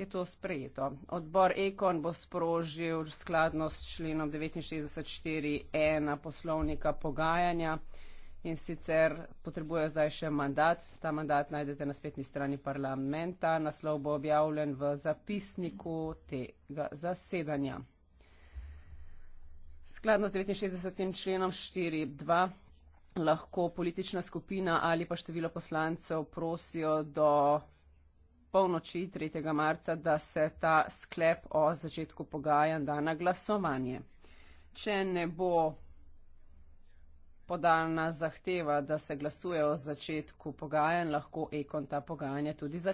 je to sprejeto. Odbor Ekon bo sprožil skladno s členom 69.4.1 e poslovnika pogajanja in sicer potrebuje zdaj še mandat. Ta mandat najdete na spletni strani parlamenta. Naslov bo objavljen v zapisniku tega zasedanja. Skladno s 69. členom 4.2 lahko politična skupina ali pa število poslancev prosijo do polnoči 3. marca, da se ta sklep o začetku pogajanj da na glasovanje. Če ne bo podaljna zahteva, da se glasuje o začetku pogajanj, lahko ekon ta pogajanja tudi začne.